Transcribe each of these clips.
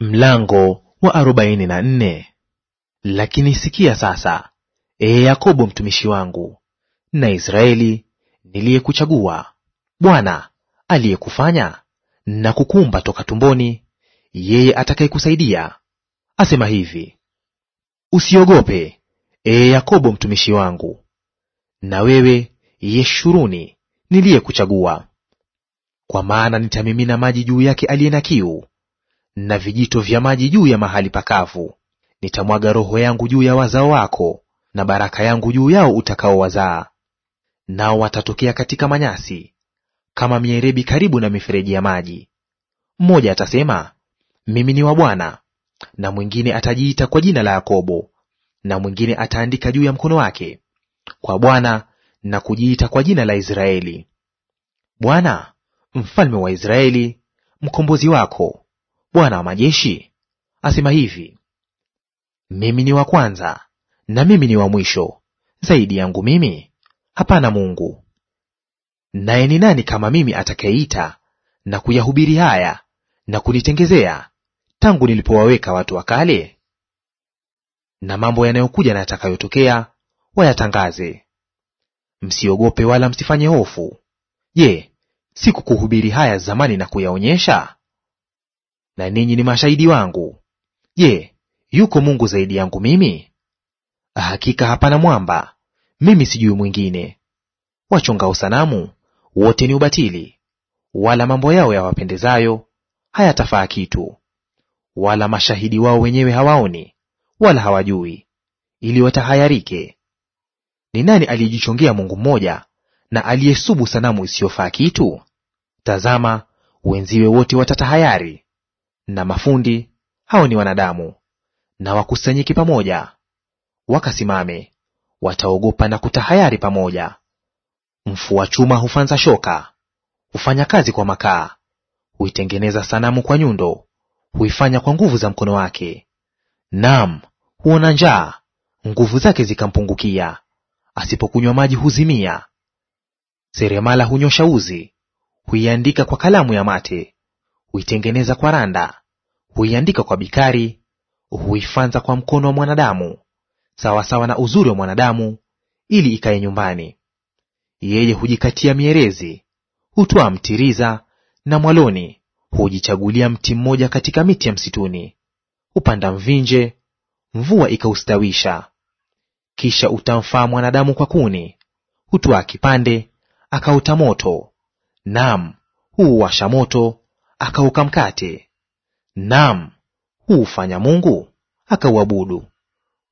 Mlango wa arobaini na nne. Lakini sikia sasa, ee Yakobo mtumishi wangu, na Israeli niliyekuchagua; Bwana aliyekufanya na kukumba toka tumboni, yeye atakayekusaidia, asema hivi: Usiogope, ee Yakobo mtumishi wangu, na wewe Yeshuruni niliyekuchagua, kwa maana nitamimina maji juu yake aliye na kiu na vijito vya maji juu ya mahali pakavu. Nitamwaga roho yangu juu ya wazao wako, na baraka yangu juu yao utakaowazaa. Nao watatokea katika manyasi kama mierebi karibu na mifereji ya maji. Mmoja atasema mimi ni wa Bwana, na mwingine atajiita kwa jina la Yakobo, na mwingine ataandika juu ya mkono wake kwa Bwana na kujiita kwa jina la Israeli. Bwana mfalme wa Israeli, mkombozi wako Bwana wa majeshi asema hivi, mimi ni wa kwanza na mimi ni wa mwisho; zaidi yangu mimi hapana Mungu. Naye ni nani kama mimi atakayeita na kuyahubiri haya na kunitengezea tangu nilipowaweka watu wa kale? Na mambo yanayokuja na yatakayotokea wayatangaze. Msiogope wala msifanye hofu. Je, sikukuhubiri haya zamani na kuyaonyesha? na ninyi ni mashahidi wangu. Je, yuko Mungu zaidi yangu mimi? Hakika hapana mwamba, mimi sijui mwingine. Wachongao sanamu wote ni ubatili, wala mambo yao yawapendezayo hayatafaa kitu, wala mashahidi wao wenyewe hawaoni wala hawajui, ili watahayarike. Ni nani aliyejichongea Mungu mmoja na aliyesubu sanamu isiyofaa kitu? Tazama, wenziwe wote watatahayari na mafundi, hao ni wanadamu, na wakusanyike pamoja, wakasimame; wataogopa na kutahayari pamoja. Mfua chuma hufanza shoka, hufanya kazi kwa makaa, huitengeneza sanamu kwa nyundo, huifanya kwa nguvu za mkono wake. Naam, huona njaa, nguvu zake zikampungukia; asipokunywa maji huzimia. Seremala hunyosha uzi, huiandika kwa kalamu ya mate huitengeneza kwa randa, huiandika kwa bikari, huifanza kwa mkono wa mwanadamu, sawasawa na uzuri wa mwanadamu, ili ikae nyumbani. Yeye hujikatia mierezi, hutwaa mtiriza na mwaloni, hujichagulia mti mmoja katika miti ya msituni, hupanda mvinje, mvua ikaustawisha. Kisha utamfaa mwanadamu kwa kuni, hutoa kipande, akauta moto; naam, huuwasha moto akauka mkate. Naam, huufanya Mungu akauabudu.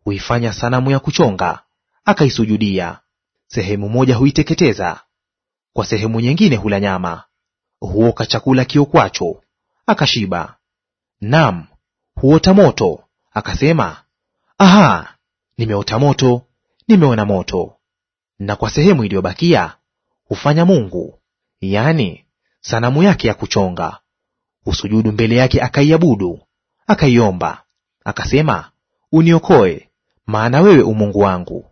Huifanya sanamu ya kuchonga akaisujudia. Sehemu moja huiteketeza, kwa sehemu nyingine hula nyama. Huoka chakula kiokwacho akashiba. Naam, huota moto akasema, aha, nimeota moto, nimeona moto. Na kwa sehemu iliyobakia hufanya Mungu, yaani sanamu yake ya kuchonga, usujudu mbele yake, akaiabudu, akaiomba, akasema, uniokoe, maana wewe umungu wangu.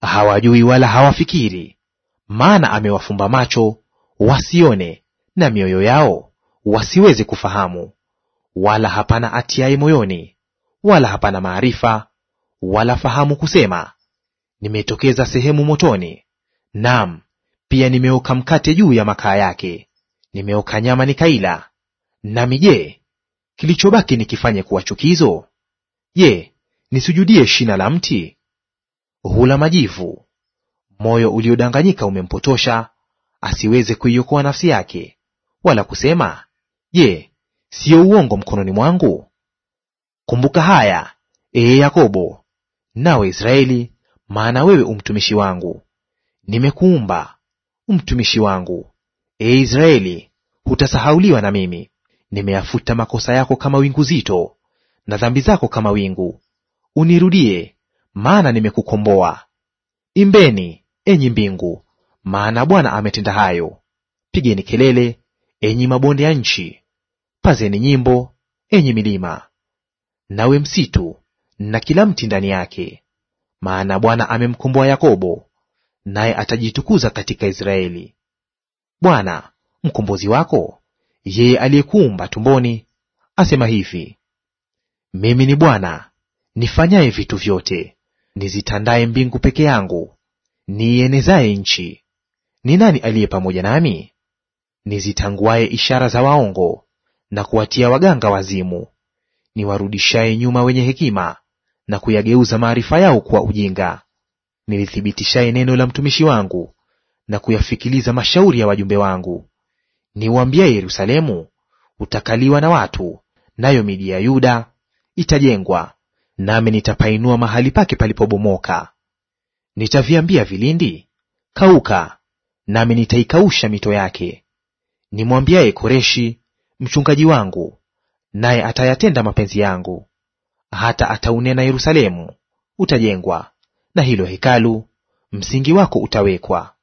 Hawajui wala hawafikiri, maana amewafumba macho wasione, na mioyo yao wasiweze kufahamu, wala hapana atiaye moyoni, wala hapana maarifa wala fahamu kusema, nimetokeza sehemu motoni, naam, pia nimeoka mkate juu ya makaa yake, nimeoka nyama nikaila, Nami je, kilichobaki nikifanye kuwa chukizo? Je, nisujudie shina la mti? Hula majivu; moyo uliodanganyika umempotosha, asiweze kuiokoa nafsi yake, wala kusema, Je, siyo uongo mkononi mwangu? Kumbuka haya, ee Yakobo, nawe Israeli, maana wewe umtumishi wangu. Nimekuumba, umtumishi wangu; ee Israeli, hutasahauliwa na mimi. Nimeyafuta makosa yako kama wingu zito, na dhambi zako kama wingu. Unirudie, maana nimekukomboa. Imbeni, enyi mbingu, maana Bwana ametenda hayo. Pigeni kelele, enyi mabonde ya nchi; pazeni nyimbo, enyi milima, nawe msitu na kila mti ndani yake. Maana Bwana amemkomboa Yakobo, naye atajitukuza katika Israeli. Bwana mkombozi wako yeye aliyekuumba tumboni, asema hivi: mimi ni Bwana nifanyaye vitu vyote, nizitandaye mbingu peke yangu, niienezaye nchi. Ni nani aliye pamoja nami? Nizitanguaye ishara za waongo na kuwatia waganga wazimu, niwarudishaye nyuma wenye hekima na kuyageuza maarifa yao kuwa ujinga, nilithibitishaye neno la mtumishi wangu na kuyafikiliza mashauri ya wajumbe wangu niuambie Yerusalemu, utakaliwa na watu, nayo miji ya Yuda itajengwa, nami nitapainua mahali pake palipobomoka. Nitaviambia vilindi, kauka, nami nitaikausha mito yake. Nimwambiaye Koreshi, mchungaji wangu, naye atayatenda mapenzi yangu. Hata ataunena Yerusalemu, utajengwa, na hilo hekalu, msingi wako utawekwa.